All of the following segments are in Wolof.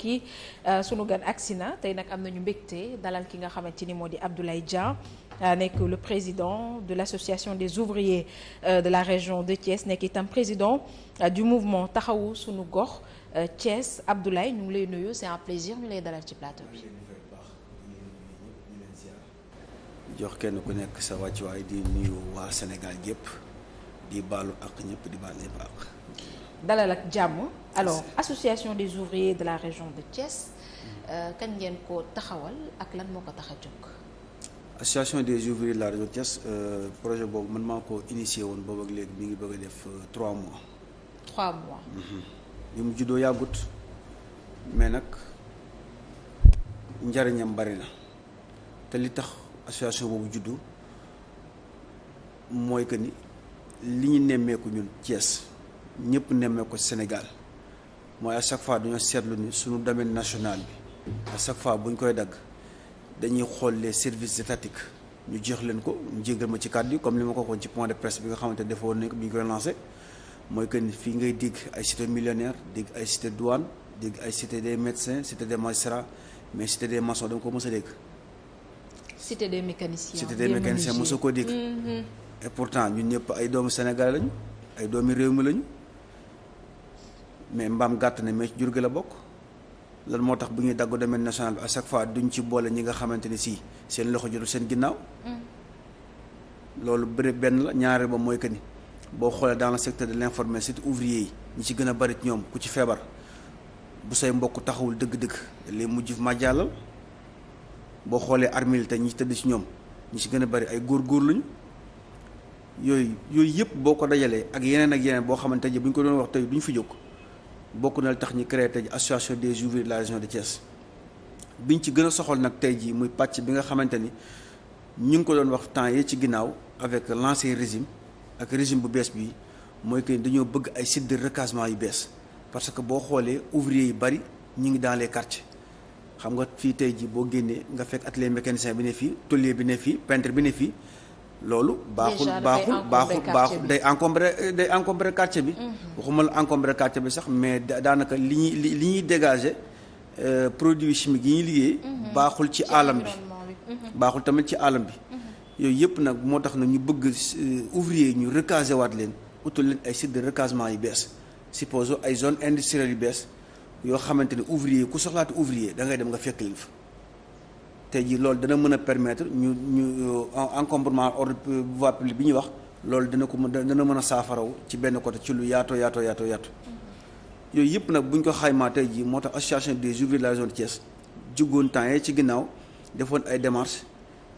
mbokk yi euh, sunu gan si na tey nag am na ñu mbégte dalal ki nga xamante ni moo di Abdoulaye Dia euh, nekk le président de l'association des ouvriers euh, de la région de Thiès nekk itam président du mouvement taxawu sunu gox Thiès Abdoulaye ñu ngi lay nuyu c'est un plaisir ñu lay dalal ci plateau bi. jox kenn ku nekk sa wàccuwaay di nuyu waa Sénégal yëpp di baalu ak ñëpp di baal ak dalal ak jàmm. alors association des ouvriers de la région de Thiès euh, kañ ngeen ko taxawal ak lan moo ko tax a jóg. association des ouvriers de la région de Thiès euh, projet boobu man maa ko initié woon boobu ak léegi mi ngi bëgg a def euh, trois mois. trois mois. Mhm. mu juddoo yàggut mais nag njariñam bari na te li tax association boobu juddu mooy que ni li ñu nemmeeku ñun Thiès ñëpp nemmeeku Sénégal. mooy à chaque fois dañoo seetlu ni suñu domaine national bi à chaque fois buñ koy dagg dañuy xool les services étatiques ñu jeex leen ko ñu jégal ma ci kàddu yi comme li ma ko waxoon ci point de presse bi nga xamante ne defoon nañ ko bi ñu koy lancé mooy que ni fii ngay digg ay cite millionnaire dégg ay cité douane dégg ay cité des médecins cité des magistrats mais cité des maçons da nga ko mës a dégg. cité des mécaniciens cité des mécaniciens mosoo ko dégg. Mm-hmm. et pourtant ñun ñëpp ay doomu Sénégal lañu doomi réew mi lañu. mais mbaam gàtt ne mais ci jur gi la bokk lan moo tax bu ñuy dagg domaine national bi à chaque fois duñ ci boole ñi nga xamante ni sii seen loxo jotul seen ginnaaw. Mm. loolu bëri benn la ñaareel ba mooy que ni boo xoolee dans le secteur de l' informel surtout ouvrier yi ñi ci gën a bëri ñoom ku ci feebar bu say mbokk taxawul dëgg-dëgg les mujj ma jàllal boo xoolee armée te ñi ci tëdd ci ñoom ñi ci gën a bëri ay góor-góor lañu yooyu yooyu yëpp boo ko dajalee ak yeneen ak yeneen boo xamante ne bu ñu ko doon wax tey du ñu fi jóg. bokk na tax ñu créé tey association des ouvriers de la région de Thiès biñ ci gën a soxal nag tey jii muy pàcc bi nga xamante ni ñu ngi ko doon wax temps yi ci ginnaaw avec l'ancien régime ak régime bu bees bi mooy que dañoo bëgg ay sites de recasement yu bees parce que boo xoolee ouvrier yu bari ñu ngi dans les xam nga fii tey jii boo génnee nga fekk atelier mécanicien bi ne fii tollier bi ne fii peintre bi ne fii. loolu baaxul baaxul baaxul baaxul day encombré day encombré quartier bi mhm. waxuma la encombré quartier bi sax mais daanaka li ñuy li ñuy dégager euh, produits chimiques yi ñuy liggéey mhm. baaxul ci alam bi mhm. baaxul tamit ci alam bi yooyu yëpp nag moo tax na ñu bëgg euh, ouvrier ñu recaser waat leen utal leen ay sites de recasement yu bees supposons ay zones industrielles yu bees yoo xamante ne ouvrier ku soxlaati ouvrier da ngay dem nga fekk leen fa tey jii loolu dana mën a permettre ñu ñu euh, encombrement ordre bu publique bi ñu wax loolu dana ko mën dana mën a saafaraw ci benn côté ci lu yaato yaato yaatoo yaatu yooyu yëpp nag buñ ñu ko xaymaa tey jii moo tax association des ouvriers de la région de Thiès jugoon temps yee ci ginnaaw defoon ay démarches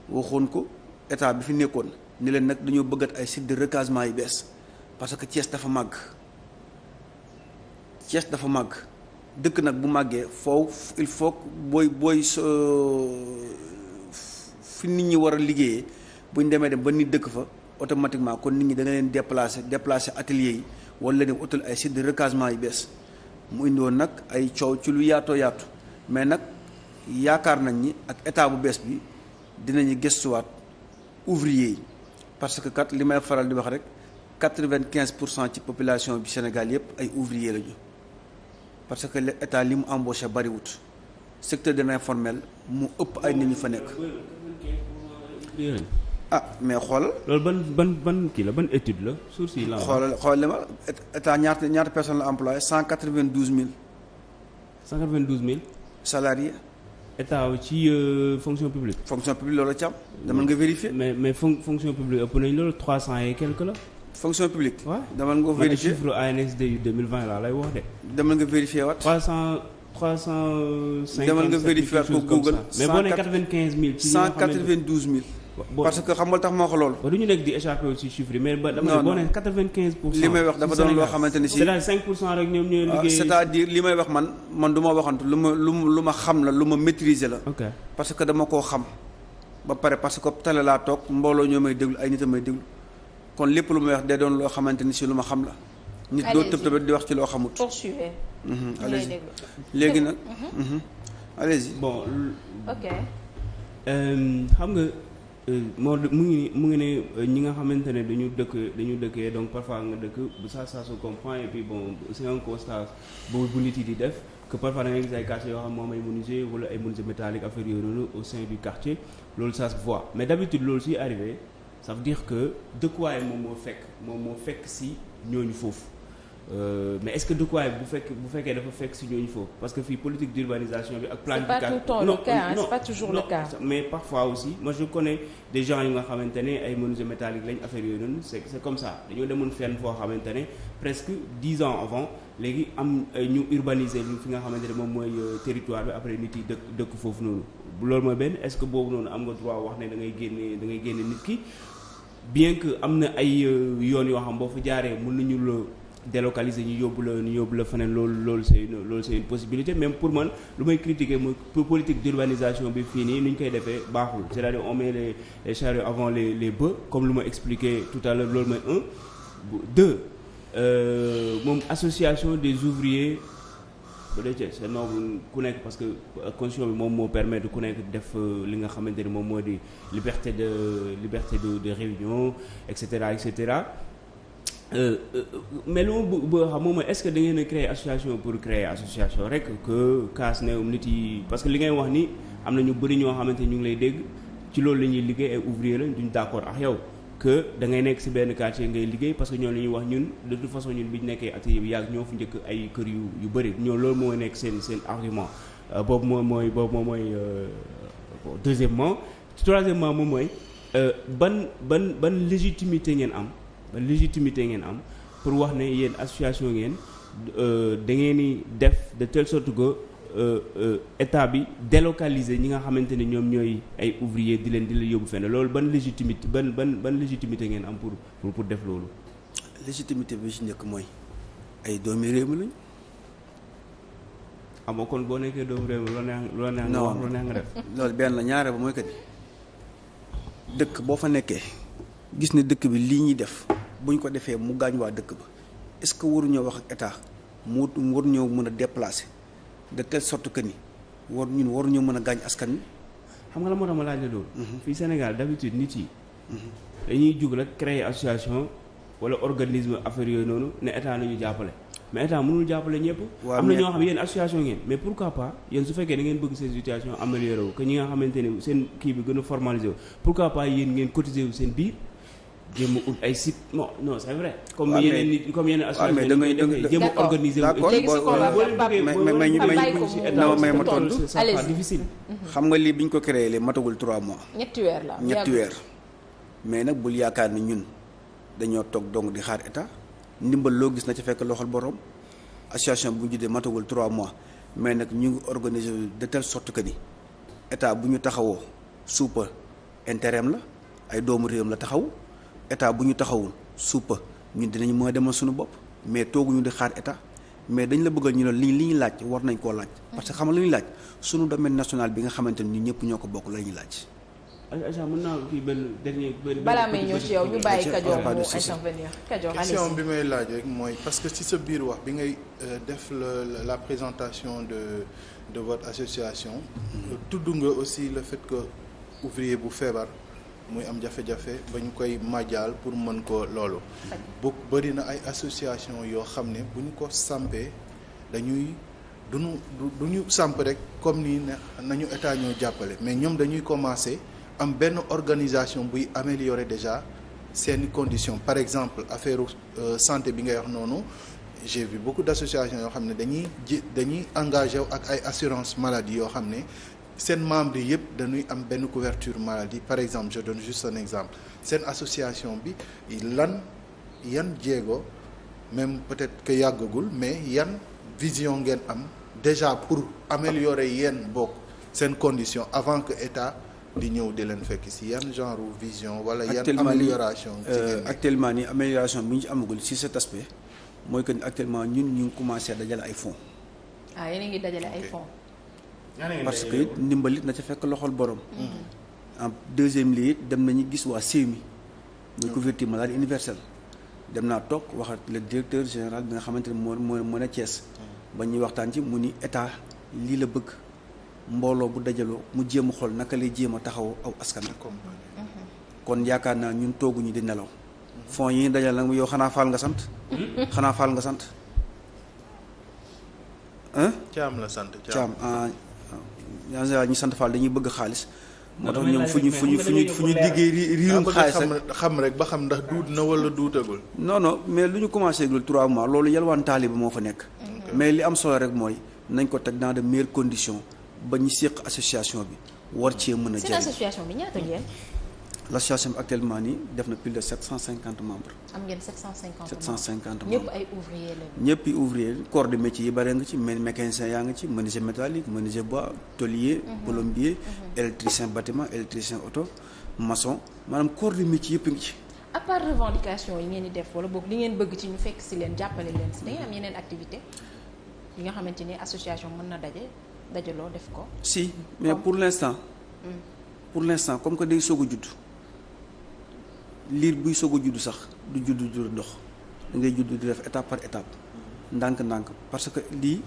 waxoon ko état bi fi nekkoon ni leen nag dañoo bëggat ay sites de recasement yi bees parce que Thiès dafa màgg Thiès dafa màgg. dëkk nag bu màggee foofu il faut booy booy fi nit ñi war a liggéeyee bu ñu demee dem ba nit dëkk fa automatiquement kon nit ñi da leen déplacer déplacer atelier yi wala leen utal ay site de recasement yu bees mu indiwoon nag ay coow ci lu yaatoo yaatu mais nag yaakaar nañ ni ak état bu bees bi dinañu gëstuwaat ouvrier yi parce que kat li may faral di wax rek quatre-vingt-quinze pour cent ci population bi Sénégal yëpp ay ouvrier lañu parce que état li mu embauché bariwut secteur de l'informel mu ëpp ay nit ñu fa nekk. ah mais xoolal. loolu ban ban ban kii la ban étude la. suuf si la xoolal xoolal ma état ñaata ñaata personne la employé cent quatre vingt douze mille. cent vingt douze mille. salariés. état ci euh, fonction publique. fonction publique loolu la ci am. dama nga vérifier mais mais fon fonction publique ëpp nañ loolu trois cent et quelque la. fonction publique. waaw demal nga ko vérifier chiffre ANSD yu 2020 laa lay wax de. demal nga vérifier waat. 300 350. demal nga vérifier waat ko Google. mais boo nee 95000. ci 192000 192 000. parce que xam nga tax moo ko loolu. du ñu nekk di échappé wu si chiffre yi mais. ba ne boo nee 95 pour cent. li may wax dafa doon loo xamante ne si. cest pour cent rek ñoom ñooy ah, liggéey. li may wax man man du waxantu lu ma lu ma xam la lu ma maîtriser la. ok parce que dama koo xam. ba pare parce que laa toog mbooloo ñoo may déglu ay nit a may déglu. kon lépp lu may wax day doon loo xamante ni si lu ma xam la. nit doo tëb tëb di wax ci loo xamut. poursuivez. Mhm, allez léegi nag. Mhm. Mhm, allez bon. ok. Euh, xam nga euh, moo mu ngi mu ngi ne euh, ñi nga xamante ne dañu dëkk dañu dëkkee donc parfois nga dëkk ça ça se comprend et puis bon c'est un constat bu bu nit yi di def. que parfois da ngay gis ay quartiers yoo xam moom ay menuisier wala ay menuisier métallique affaire yooyu noonu au sein du quartier loolu ça se voit mais d'habitude loolu suy arrivé. ça veut dire que dëkkuwaay moom moo fekk moom moo fekk si ñooñu foofu euh, mais est-ce bu fekk bu fekkee dafa fekk si ñooñu foofu parce que fii politique d'urbanisation bi ak planification c'est pas tout le temps mais parfois aussi moi je connais des gens yu nga xamante ne ay menuisiers métalliques lañ affaire yooyu noonu c'est c'est comme ça dañoo demoon fenn foo xamante ne presque dix ans avant léegi am euh, ñu urbaniser fi nga xamante ne moom mooy euh, territoire bi après nit yi dëkk dëkk foofu noonu loolu ma benn est-ce que boobu noonu am nga droit wax ne da ngay génne da ngay génne nit ki bien que am na ay euh, yoon yoo xam boo fa jaaree mën nañu la délocaliser ñu yóbbu la ñu yóbbu la feneen loolu loolu c'est une loolu c'est une possibilité même pour man lu may critiquer mooy politique d'urbanisation bi fii nii ni ñu koy defee baaxul c'est-à-dire on met les les avant les les bœufs comme lu ma expliqué tout à l'heure loolu mooy un deux euh, moom association des ouvriers bu dee Thiès c'est noble ku nekk parce que euh, constitution bi moom moo permettre ku nekk def euh, li nga xamante ni moom moo di liberté de liberté de de réunion et cetera et cetera euh, mais lu ma bëgg xam moom est-ce que da ngeen a créer association pour créer association rek que kaas ne um nit yi parce que li ngay wax ni am na ñu bëri ñoo xamante ni ñu ngi lay dégg ci loolu la ñuy liggéey ay ouvrier la duñ d'accord ak yow. que da ngay nekk ci benn quartier ngay liggéey parce que ñoo li ñuy wax ñun de toute façon ñun bi ñu nekkee atelier bi yàgg ñoo fu njëkk ay kër yu yu bëri ñoo loolu moo nekk seen seen argument euh, boobu moom mooy boobu moom mooy euh, deuxièmement troisièmement moom mooy euh, ban ban ban légitimité ngeen am ban légitimité ngeen am pour wax ne yéen association ngeen da ngeen di def de telle sorte go Euh, euh, état bi délocaliser ñi nga xamante ni ñoom ñooy ay ouvrier di leen di leen yóbbu fenn loolu ban légitimité ban ban ban légitimité ngeen am pour pour pour def loolu. bi ci njëkk mooy ay doomi réew mi ah kon boo nekkee doomu réew mi loo neex wax loo neex nga def. loolu benn la ñaare ba mooy kat dëkk boo fa nekkee gis ne dëkk bi lii ñuy def buñ ko defee mu gaañ waa dëkk ba est-ce que waruñoo wax ak état mu waruñoo mën a déplacer. de telle sorte que ni war ñun waruñu mën a gaañ askan wi. xam nga la moo tax ma laaj la loolu. Mhm. fii Sénégal d'habitude nit yi. Mhm. dañuy jug rek créer association wala organisme affaire yooyu noonu ne état la ñu jàppale. mais état mënul jàppale ñëpp. am na ñoo xam ne yéen association ngeen mais pourquoi pas yéen su fekkee da bëgg seen situation amélioré wu que ñi nga xamante ne seen kii bi gën a formalisé wu pourquoi pas yéen ngeen cotiser wu seen biir. jéem ay site non non c'est vrai. comme yeneen nit comme yeneen assurance mais da ngay da ngay jéem a organiser. d'accord mais ma tontu difficile. Mm-hmm. xam nga lii bi ñu ko créé lee matagul 3 mois. ñetti weer la ñetti weer. mais nag bul yaakaar ni ñun dañoo toog donc di xaar état ndimbal loo gis na ci fekk loxol borom association bu ñu juddee matagul 3 mois mais nag ñu ngi organiser de telle sorte que ni état bu ñu taxawoo suupa intérêt am la ay doomu réewam la taxaw. état bu ñu taxawul suppa ñun dinañ mën a demal suñu bopp mais tooguñu di xaar état mais dañ la bëggal ñu ne lii li ñu laaj war nañ koo laaj. parce que xam nga li ñuy laaj suñu domaine national bi nga xamante ni ñun ñëpp ñoo ko bokk la laaj. Aïcha mën naa kii benn dernier. balaa may ñëw ci bi may laaj rek mooy parce que si sa biir wax bi ngay euh, def la la présentation de de votre association. Mm-hmm. tudd nga aussi le fait que ouvrier bu feebar. muy am jafe-jafe ba ñu koy majaal pour mën ko loolu bu bëri na ay association yoo xam ne bu ñu ko sampee dañuy duñu du ñu samp rek comme nii na nañu état ñoo jàppale mais ñoom dañuy commencer am benn organisation buy améliorer déjà seeni condition par exemple affaire euh, santé bi ngay wax noonu j'ai vu beaucoup d'associations yoo xam ne dañuy ji dañuy engagé wu ak ay assurance maladie yoo xam ne seen membre yi yëpp dañuy am benn couverture maladie par exemple je donne juste un exemple seen association bi lan yan jéego même peut-être que yàggagul mais yan vision ngeen am déjà pour améliorer yéen bokk seen condition avant que état di ñëw di leen fekk si yan genre vision wala yan amélioration euh, actuellement ni amélioration bi ñu ci amagul si cet aspect mooy que actuellement ñun ñu ngi commencé dajale ay fonds ah yéen ngi dajale ay fonds parce que it ndimbal na ca fekk loxol borom. am mm-hmm. deuxième lieu it dem nañu gis waa CMU. muy couverture maladie universelle. dem naa toog wax ak le directeur général bi nga xamante ne moo moo moo ne Thiès. Mm-hmm. ba ñuy waxtaan ci mu ni état lii la bëgg mbooloo bu dajaloo mu jéem a xool naka lay jéem a taxaw aw askan mm-hmm. kon yaakaar naa ñun tooguñu di nelaw. fonds yi ñu dajal nag yow xanaa faal nga sant. Hmm? xanaa faal nga sant. la sant caam ah, en général ñu sant Fall dañuy bëgg xaalis. moo tax ñoom fu ñu fu ñu fu ñu fu ñu diggee riirum xaalis rek xam rek ba xam ndax duut na wala duutagul. non non mais lu ñu commencé gul trois mois loolu yalwaan taaliba moo fa nekk. mais li am solo rek mooy nañ ko teg naa de meilleures condition ba ñu séq association bi war cee mën a. jëriñ l'association actuellement nii def na plus de 750 membres. am ngeen 750. 750 membres ñëpp ay ouvriers la. ñëpp ay ouvriers corps de métier yi bare nga ci mécanicien yaa ngi ci menuisier métallique menuisier bois tôlier. Mhm. plombier mhm. électricien bâtiment électricien auto maçon maanaam corps de métier yëpp ngi ci. à revendication yi ngeen di def wala boog li ngeen bëgg ci ñu fekk si leen jàppale leen si da ngeen am yeneen activité yi nga xamante ni association mën na daje dajaloo def ko. si mais pour l'instant. Hmm. pour l'instant comme que day soog judd. liir buy soog a judd sax du juddu du dox da ngay judd di def état par étape ndànk-ndànk parce que lii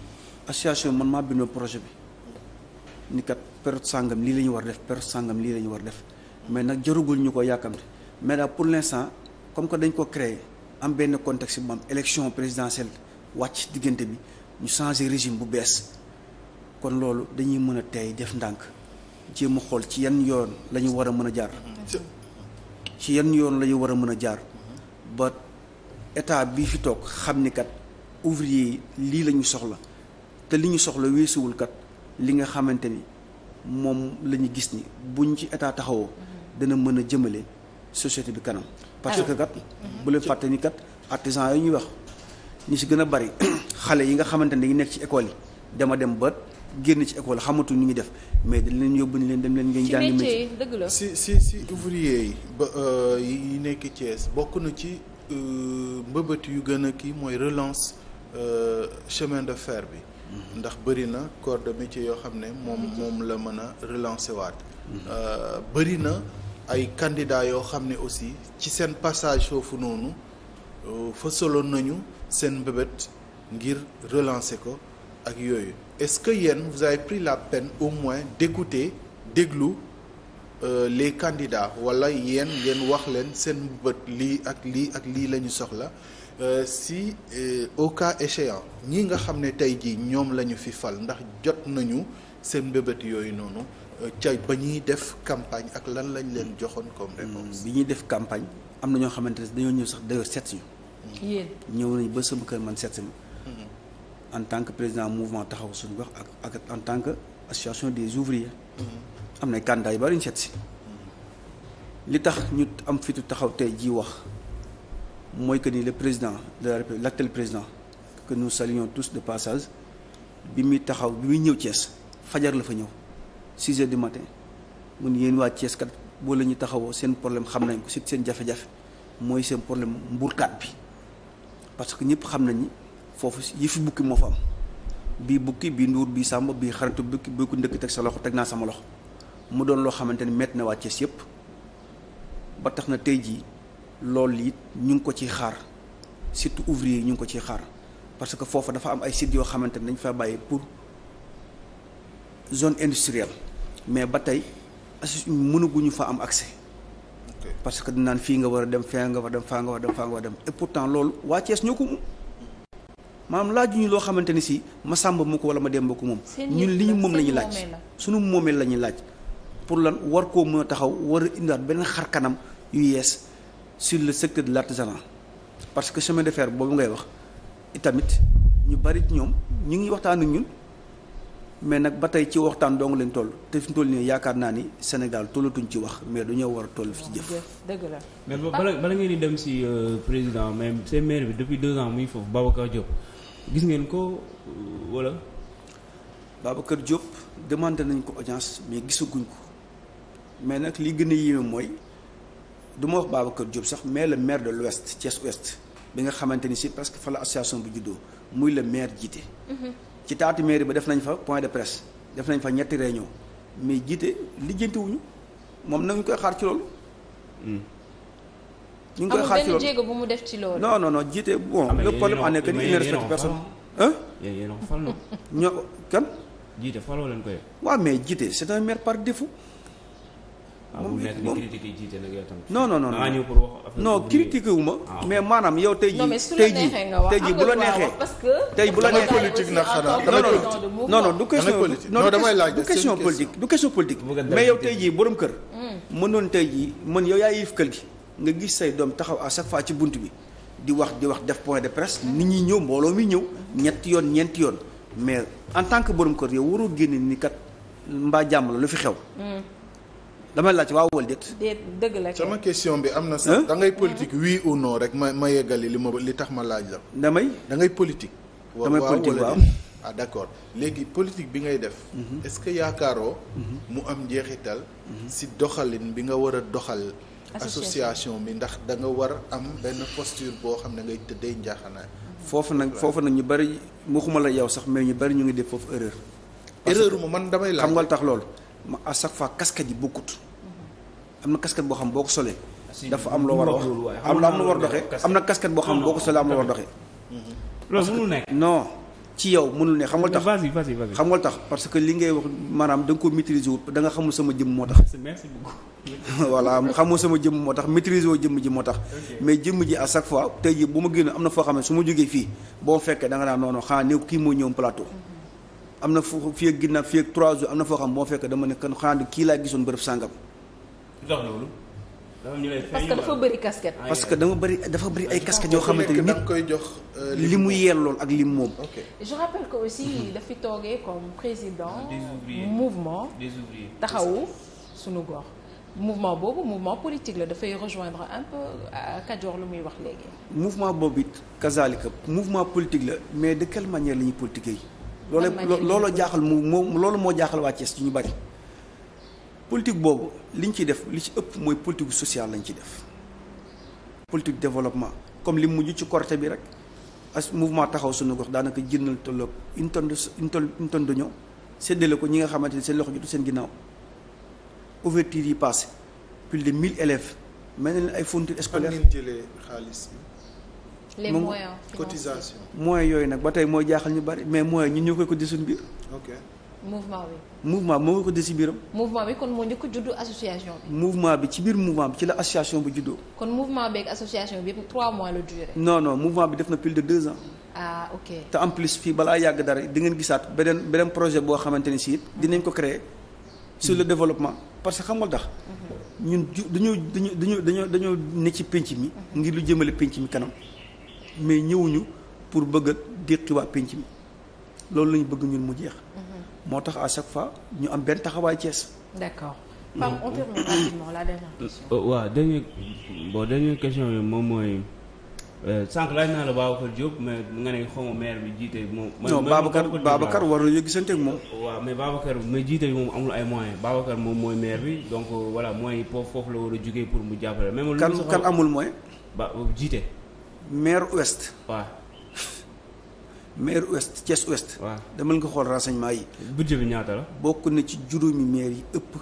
association man maa bindoon projet bi ni kat sangam lii la ñu war def période sangam lii lañu war def mais nag jarugul ñu ko yàkkamte mais daal pour l'instant comme que dañ ko créé am benn contexte bu am élection présidentielle wàcc diggante bi ñu changé régime bu bees kon loolu dañuy mën a tey def ndànk jéem a xool ci yan yoon la ñu war a mën a jaar mm-hmm. ci yan yoon lañu war a mën a jaar ba état bi fi toog xam ni kat ouvrier lii la soxla te li ñu soxla weesuwul kat li nga xamante ni moom la ñu gis ni buñ ci état taxawoo dana mën a jëmale société bi kanam. parce que kat bu leen fàtte ni kat artisan yi ñuy wax ñu si gën a bari xale yi nga xamante ne dañu nekk ci école yi dama dem ba. génn ci école xamatu ñu ngi def mais dañ leen yóbbu ni leen dem leen ngeen jàng métier dëgg la si si si ouvrier yi ba euh, yi nekk Thiès bokk na ci euh, mbëbët yu gën a kii mooy relance euh, chemin de fair bi mhm. ndax bëri na corps de métier yoo xam ne moom mhm. moom la mën a relancer waat mhm. bëri na ay candidats yoo xam ne aussi ci seen passage foofu noonu fësaloon nañu seen mbëbët ngir relancer ko ak yooyu est-ce que yéen vous pris la peine au moins d'écouter déglu euh, les candidats wala yéen ngeen wax leen seen bët lii ak lii ak lii la ñu soxla euh, si euh, au cas échéant ñi nga xam ne tey jii ñoom la ñu fi fal ndax jot nañu seen mbébét yooyu noonu euh, ca ba ñuy def campagne ak lan lañ leen joxoon comme hmm, réponse bi ñuy def campagne am na ñoo xamante ne dañoo ñëw sax dañoo seet si ñëw nañ ba sama kër man seet ma en tant que président mouvement taxaw suñu gox ak ak en tant que association des ouvriers mm-hmm. am na candidat yu bari si mm-hmm. li tax ñu am fitu taxaw tey ji wax mooy que nii le président de la République l'actuel président que nous saluons tous de passage bi muy taxaw bi muy ñëw cees fajar la fa ñëw 6 heures du matin mun yéen waa ceeskat boo la ñu taxawoo seen problème xam nañ ko si seen jafe-jafe mooy seen problème mburkaat bi parce que ñëpp xam nañ foofu yëfi bukki moo fa am bii bukki bii nduur bii sàmb bii xaritu bukki bii ku ndëkk teg sa loxo teg naa sama loxo mu doon loo xamante ni métti na waa Thiès yëpp ba tax na tey jii loolu it ñu ngi ko ciy xaar surtout ouvrier yi ñu ngi ko ciy xaar parce que foofu dafa am ay sites yoo xamante ni dañ faa bàyyi pour zone industrielle mais ba tey assi mënaguñu fa am accès. parce que dinaan fii nga war a dem fee nga war a dem faa nga war a dem faa nga dem et pourtant loolu waa Thiès ñoo ko maanaam laajuñu loo xamante ni si ma sàmba mu ko wala ma dem ba ko moom ñun li ñu moom la ñuy laaj suñu moomeel la ñuy laaj pour lan war koo mën a taxaw war a indiwaat benn xar kanam yu yees sur le secteur de l'artisanat parce que chemin de fer boobu ngay wax itamit ñu bari ñoom ñu ngi waxtaan ak ñun mais nag ba tey ci waxtaan dong leen toll te fi mu toll nii yaakaar naa ni Sénégal tollatuñ ci wax mais ñëw war a toll fi ci jëf. dëgg la mais bala bala di dem si euh, président même seen bi depuis deux ans muy foofu Babacar Diop. gis ngeen ko wala. kër Diop demandé nañ ko audience mais gisaguñ ko mais nag li gën a yéeme mooy du ma wax kër Diop sax mais le maire de l'ouest Thiès ouest bi nga xamante ni si parce que fa la association bu juddoo muy le maire jiite. Mhm. ci taatu mairie ba def nañ fa point de presse def nañ fa ñetti réunion mais jiite lijjantiwuñu moom nañu koy xaar ci loolu. Hmm. ñu ngi koy xaar ci loolu amul benn jéego mu def ci loolu. non non non jiite bon le problème en est que il ne respecte personne. ah yéen a fal ñoo kan. jiite faloo leen koy. Ah, waaw wu ah, mais maanaam yow tey jii jii tey jii ah, bu la neexee. tey bu la neexee politique nag xanaa non non non du question non damay laaj du question politique du question politique mais yow tey jii borom kër. Hmm. mënoon tey jii mën yow yaa yilif kër gi. nga gis say doom taxaw à chaque fois ci bunt bi di wax di wax def point de presse nit ñi ñëw mbooloo mi ñëw ñetti yoon ñeenti yoon mais en tant que borom ko yow waroo génne ni kat mbaa jàmm lu fi xew. Hmm. damay laaj waaw wala déet. déet dëgg la sama question bi am na sax. da ngay politique oui ou rek ma ma yeggali li ma li tax ma laaj la. damay da ngay politique. damay politique waaw a ah, d'accord léegi politique bi ngay def. Mhm. est-ce que yaakaaroo. Mhm. mu am njeexital. Mhm. si doxalin bi nga war a doxal. association bi ndax da war am benn posture boo xam ne ngay tëddee njaaxanaay. foofu nag foofu nag ñu bari waxuma la yow sax mais ñu bari ñu ngi def foofu erreur. erreur mu man damay laaj xam nga tax lool ma à chaque fois casquette yi bokkut. am na casquette boo xam boo ko solee. dafa am loo war a wax am na am lu war doxee am na casquette boo xam boo ko solee am lu war doxee. non. ci yow mënul ne xam nga tax vas-y nga tax parce que li ngay wax maanaam da nga ko maîtriser wut xamul sama jëmm moo tax. merci beaucoup. voilà sama jëmm moo tax maîtriser woo jëmm ji moo tax. mais jëmm ji à chaque fois tey jii bu ma génn am na foo xam ne su ma jógee fii boo fekkee da nga naan noonu xanaa ne kii moo ñëw plateau. am na foo fii ak ginnaaw fii ak trois jours am na foo xam boo fekkee dama ne kan xanaa kii laa gisoon bërëb sàngam. parce que dafa bëri casquette. Ah, parce que dama bëri dafa bëri ay casquettes yoo xamante ni nit koy jox li mu yellool ak li mu moom. je rappelle que aussi dafi toogee comme président. Ah, mouvement taxaw sunu gox. mouvement boobu mouvement politique la dafay rejoindre un peu Kajoor lu muy wax léegi. mouvement boobu it kazaalika mouvement politique la mais de quelle manière la ñuy politiquer yi. loolu looloo jaaxal mu moom loolu moo jaaxal waa Thiès ñu bari. politique boobu li ñu ciy def li ci ëpp mooy politique sociale lañ ci def politique développement comme li mujj ci Korité bi rek as mouvement taxaw suñu gox daanaka jëndal tolloog une tonne de une tonne une séddale ko ñi nga xamante ni seen loxo du seen ginnaaw ouverture yi passé plus de 1000 élèves mel na leen ay fournitures scolaires am jëlee xaalis bi. les moyens cotisation. moyens yooyu nag ba tey mooy jaaxal ñu bari mais moyens ñu ñoo koy ko di suñu biir. mouvement bi. mouvement moo ko des ci biiram. mouvement bi kon moo njëkk juddu association bi. mouvement bi ci biir mouvement bi ci la association bi juddoo. kon mouvement beeg association bi yëpp 3 mois la duré. non mouvement bi def na plus de 2 ans. ah ok te en plus fii balaa yàgg dara di ngeen gisaat beneen beneen projet boo xamante ni si dinañ ko créer su le mm-hmm. développement parce que xam nga tax. Mm-hmm. ñun dañoo dañoo dañoo dañoo dañoo ne ci penc mi. Mm-hmm. ngir lu jëmale penc mi kanam mais ñëwuñu pour bëgg a déqi waa penc mi loolu lañu bëgg ñun mu jeex. moo tax à chaque fois ñu am benn taxawaay Thiès. d'accord. Pam, on termine rapidement euh, waaw dernière bon dernière question bi moom mooy. Euh, sànq laaj naa la Babacar Diop mais nga ne xaw maire bi jiite moom. non Babacar Babacar war nañoo gisante ak moom. waaw mais Babacar mais jiite bi moom amul ay moyens Babacar moom mooy maire bi donc euh, voilà moyens foofu la war a jugee pour mu jàppale. même lu kan kan amul moyen. ba jiite. maire ouest. waaw. maire ouest Thiès ouest. waaw demal nga xool renseignement yi. budget bi ñaata la. bokk na ci juróomi maire yi ëpp.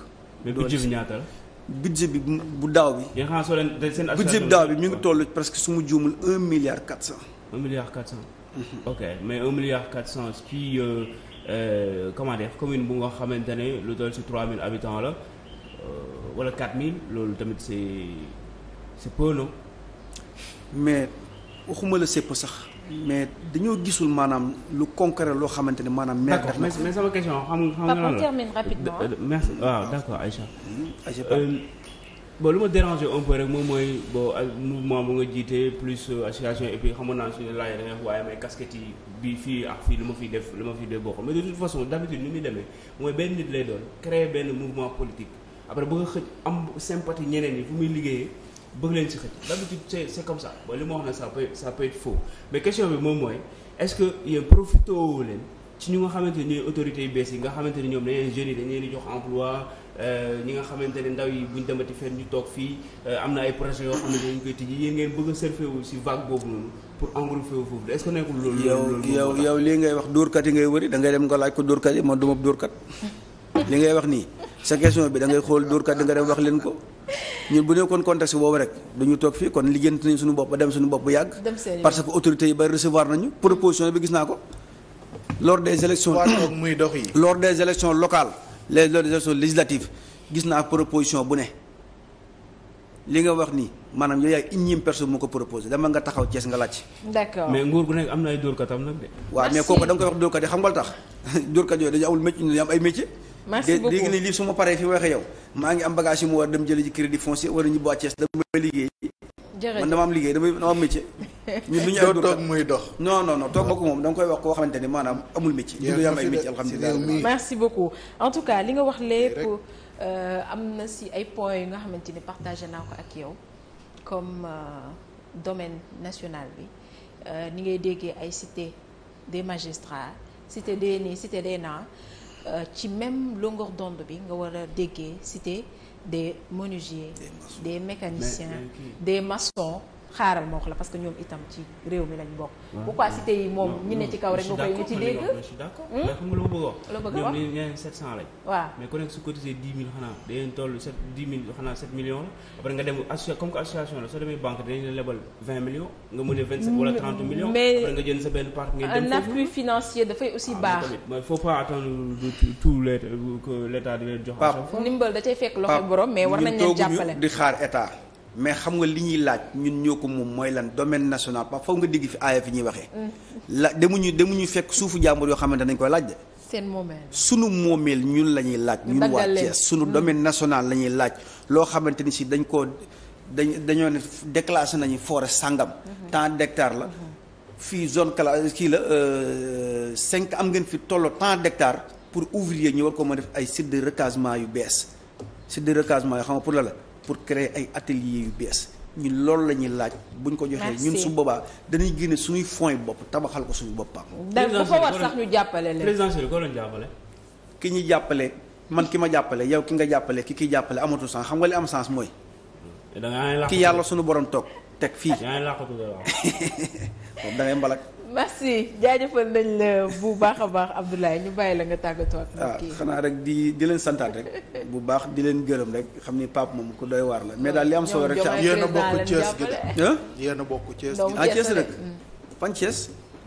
mais budget bi ñaata la. budget bi bu daaw bi. yéen xanaa soo leen seen budget bi daaw bi mi ngi toll presque su ma juumul un milliard quatre cent. un milliard quatre cent. Mhm. ok mais un milliard quatre ci euh, euh, comment commune bu nga xamante ne lu toll ci trois mille habitants la euh, wala quatre mille loolu tamit c'est c'est peu e sax. mais dañoo gisul maanaam lu concret loo xamante ne maanaam. maire def mais sama question xam nga xam nga. papa termine euh, merci waaw d'accord Aïcha. Aïcha euh, lu ma déranger un peu rek moom mooy bon mouvement bu nga jiite plus euh, association et puis xamoon naa suñu laaj da nga may casquette yi bii fii ak fii lu ma fiy def lu ma fi def bokk mais de toute façon d'habitude ni muy demee mooy benn nit lay doon créer benn mouvement politique après bëgg a xëj am sympathie ñeneen yi fu muy liggéeyee. bëgg leen si xëcc d'habitude c'est c'est comme ça bon li ma wax na ça peut ça peut être mais question bi moom mooy est-ce que yéen profité woo leen ci ñu nga xamante ni ñooy autorités yu bees yi nga xamante ni ñoom dañu leen jeunes di jox emploi euh, ñi nga xamante ne ndaw yi buñ demati fenn ñu toog fii euh, am na ay projets yoo xamante ne ñu koy tijji yéen ngeen bëgg a surfer si vague boobu noonu pour engouffrer wu foofu est-ce que nekkul yow yow lii ngay wax dóorkat yi ngay wëri da ngay dem nga laaj ko dóorkat yi man du ma dóorkat li ngay wax nii sa question bi da ngay xool dóorkat yi nga dem wax leen ko ñu bu nekkoon contexte boobu rek dañu toog fii kon liggéeyante nañ suñu bopp ba dem suñu bopp bu yàgg. parce que autorités yi ba recevoir nañu proposition bi gis naa ko. lors des élections muy dox yi. lors des élections locales les lors des élections législatives gis naa proposition bu ne li nga wax nii maanaam yow yaay énième personne moo ko proposé dama nga taxaw Cees nga laaj. d'accord nguur gu nekk am na ay dóorkatam nag de. waaw mais kooku da koy wax dóorkat yi xam nga lu tax dóorkat yooyu dañu amul métier am ay métier. merci beaucoup léegi ne lii su ma paree fi waxee yow maa ngi am bagage yu mu war dem jëli ci crédit foncier wala ñu boîtier damay liggéey man dama am liggéey dama am métier ñun du ñu ay toog muy toog ko moom da nga koy wax koo xamante ne maanaam amul métier ñu ngi am nga euh, am na si ay points yu nga xamante ne partagé naa ko ak yow comme euh, domaine national bi euh, ni ngay déggee ay cité des magistrats cité des nii cité des naa Euh, ci même longueur d'onde bi nga war déggee cité des menuisiers des mécaniciens euh, des maçons xaaral ma wax la parce que ñoom itam ci réew mi lañ bokk. Ah, pourquoi ah. cité yi moom ñu ne ci kaw rek. nga koy hmm? nekk su cotisé 10 000 xanaa da ngeen toll 7 10 xanaa 7 millions la. après nga dem association la soo demee banque dinañ la lebal 20 millions. nga mën a 27 hmm, wala 30 millions. mais ah, mais faut pas attendre tout l' état que l' di jox. Pape ndimbal da fekk loxo borom mais war nañ leen jàppale di xaar état mais xam nga li ñuy laaj ñun ñoo ko moom mooy lan domaine national pa foog nga dégg fi aaya fi ñuy waxee. Mm. la demuñu demuñu fekk suufu jàmbur yoo xamante nañ koy laaj de. seen moomeel sunu moomeel ñun la ñuy laaj. ñun waa Thiès sunu mm. domaine national la ñuy laaj loo xamante ni si dañ koo dañ dañoo ne déclassé nañu forêt sangam. Mm-hmm. tant d'hectares la. Mm-hmm. fii zone cala kii la euh, cinq am ngeen fi tollo temps d'hectares pour ouvrier ñu war ko mën def ay sites de yu bees sites de recasement yoo xam nga pour la. pour créer ay ateliers yu bees ñun loolu la ñuy laaj buñ ko joxee ñun su boobaa dañuy génne suñuy fonds yi bopp tabaxal ko suñu boppam. présidentiel ko war sax ñu jàppale leen. présidentiel ko doon ki ñu jàppale man ki ma jàppale yow ki nga jàppale ki kiy jàppale amatul sens xam nga li am sens mooy. Eh, ki yàlla suñu borom toog teg fii. yaa ngi laaxatu moom mbalak. merci jaajëfal nañ la bu baax a baax Abdoulaye ñu bàyyi la nga tàggatoo ak. Ah, xanaa rek di di leen santaat rek bu baax di leen gërëm rek xam ni Pape moom ku doy waar la mais daal li am solo rek. a bokk Thiès gi de. yéen a bokk Thiès ah, mm.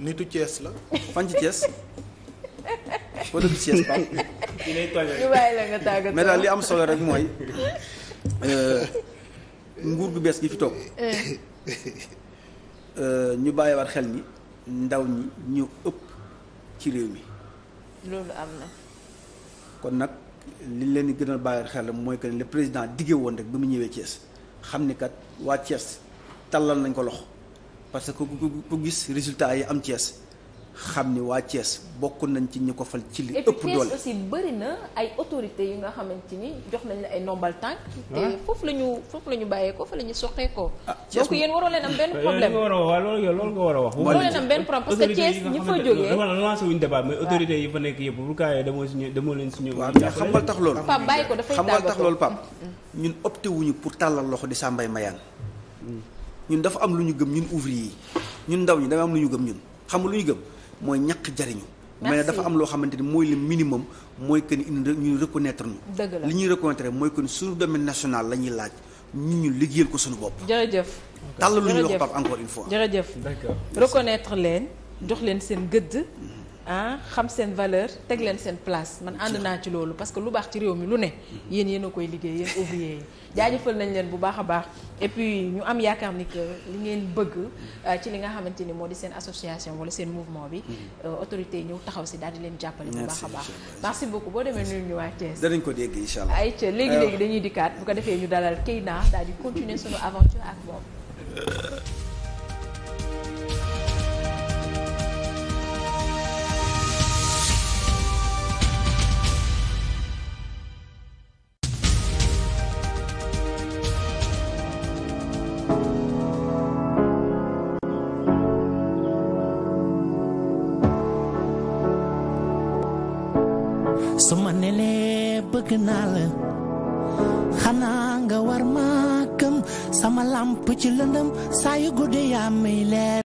nitu ci Thiès. foo dëkk Thiès Pape. daal li am solo rek mooy euh, nguur gu bees gi fi toog. Euh. Euh, ñu bàyyiwaat xel ni ndaw ñi ñoo ëpp ci réew mi. loolu am na. kon nag li leen di gënal bàyyi xel mooy que le président diggé woon rek bi mu ñëwee Thiès xam ni kat waa Thiès tàllal nañ ko lox parce que ku gis résultat yi am Thiès. xam ni waa Thiès bokk nañ ci ñi ko fal ci li ëpp doole aussi bëri na ay autorités yu nga xamante ni jox nañ la ay nombal tànk ah. te foofu la ñu foofu la ñu bàyyee ko fa la ñu soxee ko ah, donc yéen waroo leen am benn problème loolu a wax waroo leen am benn problème parce que Thiès ñi fa dafay xamal tax mm, mm. ñun opté pour tàllal loxo di sàmbay mayaan mm. ñun dafa am lu ñu gëm ñun ouvrier yi ñun ndaw ñi dafa am lu ñu gëm ñun xam lu ñu gëm mooy ñàkk jariñu mais dafa am loo xamante ni mooy le minimum mooy que ni ñu reconnaître ñu li ñuy reconnaître mooy que ni suñu domaine national la ñuy laaj ñun ñu liggéeyal ko suñu bopp jërëjëf tàllaluñu loxo Pape encore une fois jërëjëf d'accord reconnaître leen jox leen seen gëdd ah xam seen valeur teg leen seen place man ànd naa ci loolu parce que lu baax ci réew mi lu ne yéen yéen a koy liggéey yéen ouvrier yi jaajëfal nañ leen bu baax a baax et puis ñu am yaakaar ni que li ngeen bëgg euh, ci li nga xamante ni moo di seen association wala seen mouvement bi mm-hmm. euh, autorité yi ñëw taxaw si daal di leen jàppale bu baax a baax merci beaucoup demee nuyu ñu waa Thiès danañ ko euh, dikkaat bu ko defee ñu dalal Keyna daal di continuer sunu aventure ak moom naa la xanaa nga war ma gëm sama làmp ci lëndëm saa yu guddi yaa leer